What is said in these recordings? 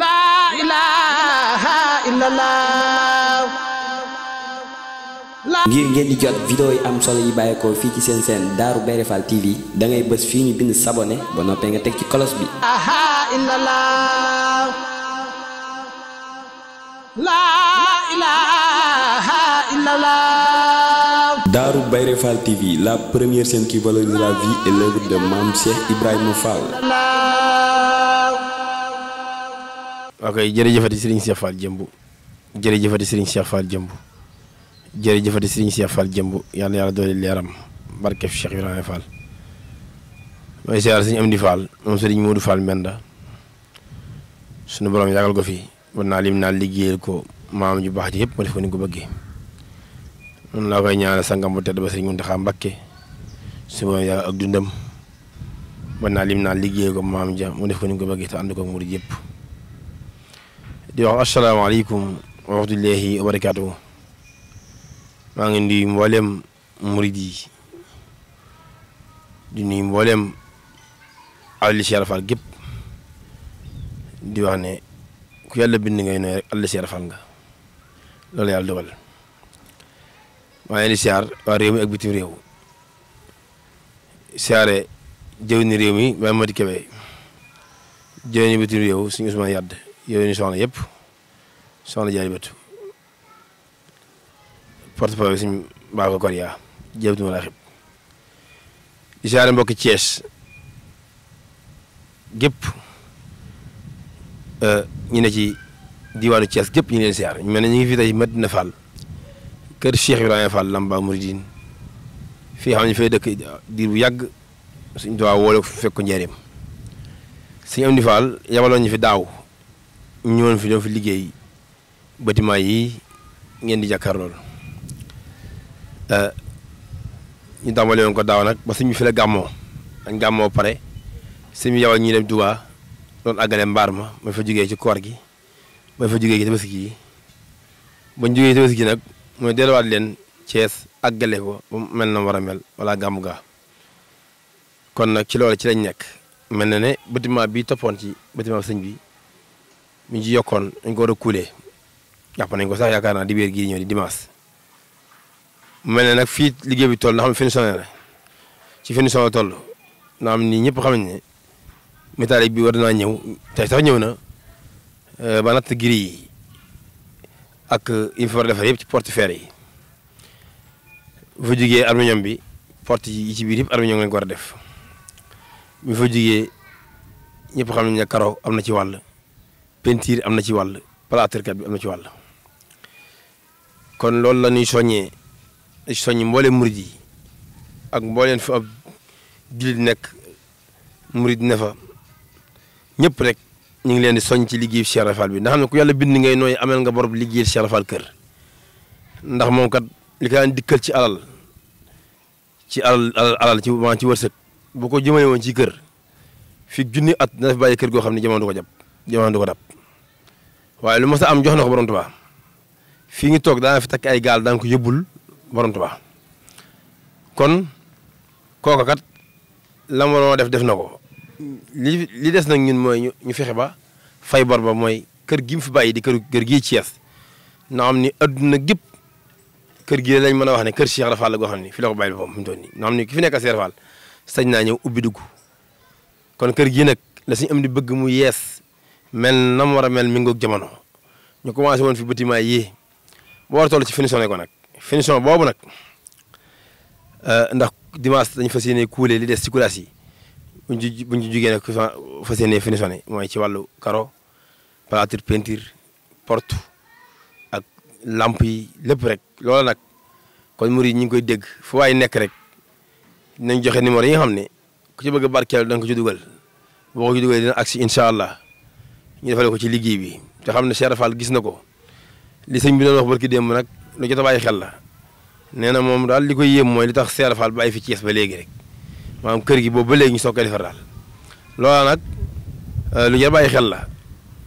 laa ilaaha ngir ngeen di jot vidéo yi am solo yi bàyyeekoo fii ci seen seen Darou Bairé Fall TV da ngay bës fii ñu bind sabonné ba noppee nga teg ci kolos bi. Darou Bairé TV la première chaîne qui valorise la vie et l'œuvre de Mame Cheikh Ibrahima Fall. ok jërëjëfati sëriñ Cheikh Fall jëmbu jërëjëfati sëriñ Cheikh Fall jëmbu jërëjëfati sëriñ Cheikh Fall jëmbu yàlla yàlla doole leeram barkef Cheikh Ibrahima Fall di siyaar sëriñ Amdi Fall moom sëriñ Modou Fall menda sunu borom yàggal ko fi war naa lim naa liggéeyal ko maam ju baax ji yëpp ma def ko ni ko bëggee noonu laa koy ñaanal sangam bu tedd ba sëriñ Mountakha Mbacké su borom ak dundam war naa lim ko maam ja mu def ko ni ko bëggee te ànd ko murid di di wax asalaamaaleykum wa rahmatullahi wa barakaatuhu maa ngi nuyu mboolem murid yi di nuyu mboolem Aliou Cheikh Fall gépp di wax ne ku yàlla bind ngay rek Aliou Cheikh nga loolu yàlla dogal maa ngi leen siyaar waa réew mi ak bitim réew siyaare jëw ni réew mi Mame Madi bitim réew suñu Ousmane Yade yooyu ni soxna yëpp soxna jaaribatu porte parole suñ baa ko koriya jëbtu ma la xib di mbokki Thiès gépp euh, ñu ne ci diwaanu cees gépp ñu leen siyaar ñu ñu ngi fi tey Medina Fall kër Cheikh Ibrahima Fall Lamba Mouridine fii xam ne fay dëkk diir bu yàgg suñ dowa woole fekk ko njëriñam suñu am yabaloon ñu fi daaw ñoon fi ñoo fi liggéey bâtiment yi ngeen di jàkkaarlool euh, ñu dama leen ko daaw nag ba suñu fi la gàmmoo ak gàmmoo pare suñu yow ñi dem Touba doon àggale mbaar ma ma fa jugee ci koor gi ma fa jugee ci tabaski yi bañ jugee ci tabaski gi nag mooy delluwaat leen Thiès àggale ko ba mel na war a mel wala gàmmu gaa kon nag ci loolu ci lañ nekk mel na ne bâtiment bi toppoon ci bâtiment sëñ bi mi yokon ci yokkoon dañ ko war a kuule jàpp nañ ko sax yaakaar naa dibéer gii di dimanche mel ne nag fii liggéey bi toll na xam finition la ci finition la toll na am ni ñëpp xam nañ ne bi war naa ñëw tey sax ñëw na euh, ba natt gris yi ak yi fa war a defar yëpp ci porte fer yi bu fa jugee aluminium bi porte yi ci biir yëpp lañ ko war a def bu fa jugee ñëpp xam ne karo am na ci wàll peinture am na ci wàll plâtre bi am na ci wàll kon loolu la ñuy soññee soññ mbooleem murid yi ak mbooleem fi ab jullit nekk murid ne fa ñëpp rek ñu ngi leen di soñ ci liggéeyu Cheikh Rafal bi ndax xam ne ku yàlla bind ngay nooy amel nga borob liggéeyu Cheikh Rafal kër ndax moom kat li ko daan dikkal ci alal ci alal alal ci ci wërsëg bu ko jëmale woon ci kër fi junni at na fi bàyyi kër goo xam ne jamono du ko jamono di ko dab waaye lu ma a am jox na ko borom Tuubaa fii ngi toog daana fi takk ay gaal daan ko yóbbul borom Tuubaa kon kooka kat la ma def def na ko li li des nag ñun mooy ñu fexe ba fay bor ba mooy kër gi fi bàyyi di kër kër gii yees na am ni adduna gépp kër gi lañ mën a wax ne kër Cheikh Rafal la goo xam ne fi la ko bàyyi boppam fi ki fi nekk Cheikh Rafal sañ naa ñëw ubbi dugg kon kër gii nag la suñu am di bëgg mu yees mel na mu war a mel mingook ngoog jamono ñu commencé woon fi bâtiment yii boo war ci finition lañ ko nag finition boobu nag euh, ndax dimanche dañ fas yéene kuule li des ci kulaas yi buñ ci buñ ci jugee nag fas yéene finition ne mooy ci wàllu carreau plâtre peinture port ak lamp yi lépp rek loola nag kon mur yi ñu ngi koy dégg fu waay nekk rek nañ joxe ni numéro yi nga xam ne ku ci bëgg a barkeel da nga ko ci dugal boo ko ci dugal dina agsi incha allah. ñu defale ko ci liggéey bi te xam ne Cheikh Fall gis na ko li sëñ bi doon wax barki démb nag lu jot a bàyyi xel la nee na moom daal li koy yéem mooy li tax Cheikh Fall bàyyi fi Thiès ba léegi rek maanaam kër gi boobu ba léegi ñu soog koy defar daal loola nag euh, lu jot a bàyyi xel la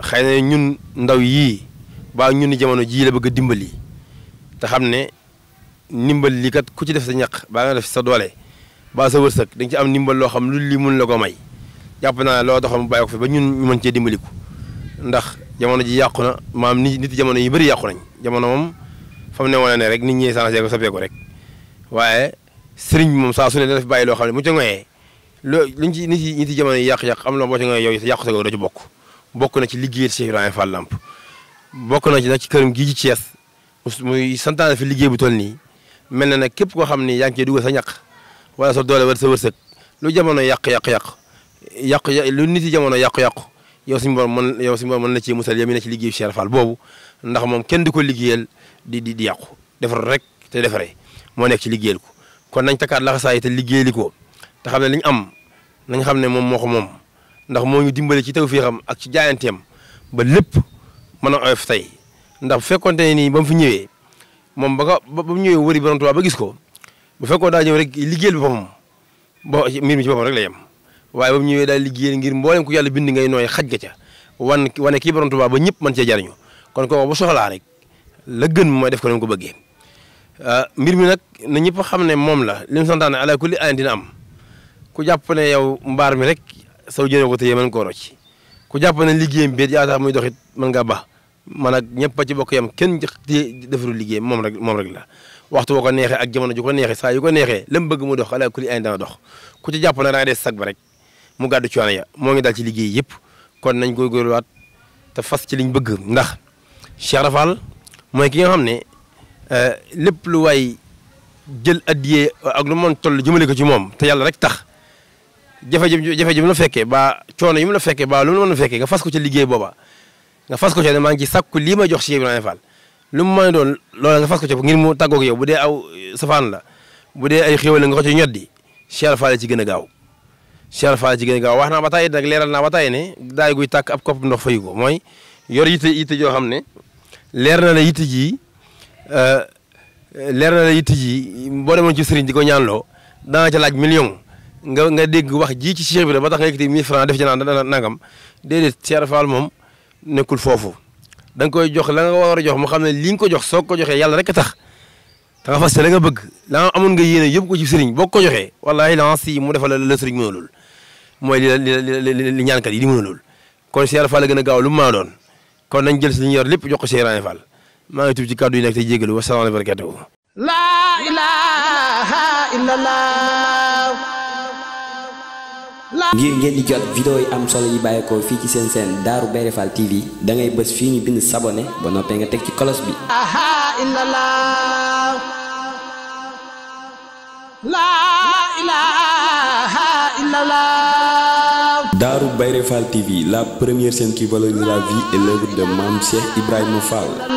xëy na ñun ndaw yii ba ñun jamono jii la bëgg a dimbali te xam ne ndimbal li kat ku ci def sa ñaq baa nga def sa doole baa sa wërsëg da nga ci am ndimbal loo xam lu lii mun la ko may jàpp naa loo taxam bàyyi ko fi ba ñu mën cee dimbaliku ndax jamono ji yàqu na maam nit nit jamono yu bëri yàqu nañ jamono moom fa ne woon ne rek nit ñi sa ko soppeeku rek waaye sëriñ bi moom saa su ne daf bàyyi loo xam ne mu ca ngoyee loo luñ ci nit yi nit yi jamono yàq-yàq na boo ca ngoyee yow yàqu sa da ci bokk bokk na ci liggéeyal Cheikh Ibrahima Fall Lamp bokk na ci nag ci këram gii ci Thiès muy santaane fi liggéey bu toll nii mel na nag képp koo xam ni yaa ngi cee dugal sa ñaq wala sa doole wala sa wërsëg lu jamono yàq-yàq-yàq yàq lu nit yi jamono yàqu-yàqu yow suñu borom mën yow suñu borom mën na ci musal yamina mi ci liggéey Cheikh Fall boobu ndax moom kenn di ko liggéeyal di di di yàqu defar rek te defare moo nekk ci liggéeyal ko kon nañ takkaat laxasaay te liggéeyali ko te xam ne li ñu am nañ xam ne moom moo ko moom ndax moo ñu dimbale ci tawfiixam ak ci jaayanteem ba lépp mën a tay tey ndax fekkonté ni bam nii ba fi ñëwee moom ba nga ba ñëwee wëri borom tuba ba gis ko bu fekkoon daa ñëw rek liggéeyal boppam ba mbir mi ci bopam rek la yem waaye ba mu ñëwee daal liggéey ngir mboolem ku yàlla bind ngay nooy xaj ga ca wan wane kii borom Tuubaa ba ñëpp mën cee jariñu kon kooku bu soxlaa rek la gën mooy def ko ni ko bëggee ah, mbir mi nag na ñëpp xam ne moom la li mu santaane ala kulli ayin ku jàpp ne yow mbaar mi rek saw jëne ko téye mën koo rocc ku jàpp ne liggéeyam biit yaa tax muy doxit mën nga ba man ak ñëpp ci bokk yam kenn téye defarul liggéey moom rek moom rek la waxtu woo ko neexee ak jamono ko neexee saa yu ko neexee lam bëgg mu dox ala kulli ayin dana dox ku ci jàpp ne da nga ba rek mu gàddu coono ya mo ngi dal ci liggéey yëpp kon nañ koy góorgóorluwaat te fas ci liñ bëgg ndax Cheikh Rafal mooy ki nga xam ne euh, lépp lu waay jël addiyee ak lu mon toll jëmale ko ci moom te yàlla rek tax jafe jëm jafe jëm la fekkee ba coono yi mu la fekkee ba lu mu mën a fekkee nga fas ko ci liggéey booba nga fas ko ci ne maa ngi ci sàkku lii may jox Cheikh Ibrahima Fall lu mu mën doon loolu nga fas ko ci ngir mu tàggoog yow bu dee aw safaan la bu dee ay xéwal nga ko ci ñoddi Cheikh rafal ci gën a gaaw Cheikh Fall jigéen gaaw wax naa ba tey nag leeral naa ba ne daay guy tàkk ab kopp ndox fayu ko mooy yor yitte yitte joo xam ne leer na la yitte ji euh, leer na la yitte ji boo demoon ci sëriñ di ko ñaanloo dana ca laaj million nga nga dégg wax ji ci Cheikh bi la tax nga yëkkati francs def ci naan dana nangam déedéet Cheikh Fall moom nekkul foofu da nga koy jox la nga war a jox mu xam ne li nga ko jox soo ko joxee yàlla rek a tax. da nga fas la nga bëgg la nga amoon nga yéene yëpp ko ci sëriñ boo ko joxee wallaahi la si mu defal la sëriñ mën a lool mooy li li li ñaankat li di mën a lool kon si yàlla Fall la gën a gaaw lu mu maa doon kon nañ jël si li ñu yor lépp jox ko Cheikh Ibra Fall maa ngi tudd ci kàddu yi nekk tey jégalu wa salaamu alaykum wa rahmatullaahi la ilaha illallah ngir ngeen di jot vidéo yi am solo yi bàyyeekoo fii ci seen seen Darou Bairé Fall TV da ngay bës fii ñu bind sabonné ba noppee nga teg ci kolos bi. Darou Bayré Fall TV, la première scène qui valorise la vie et l'œuvre de Mam Cheikh Ibrahim Fall.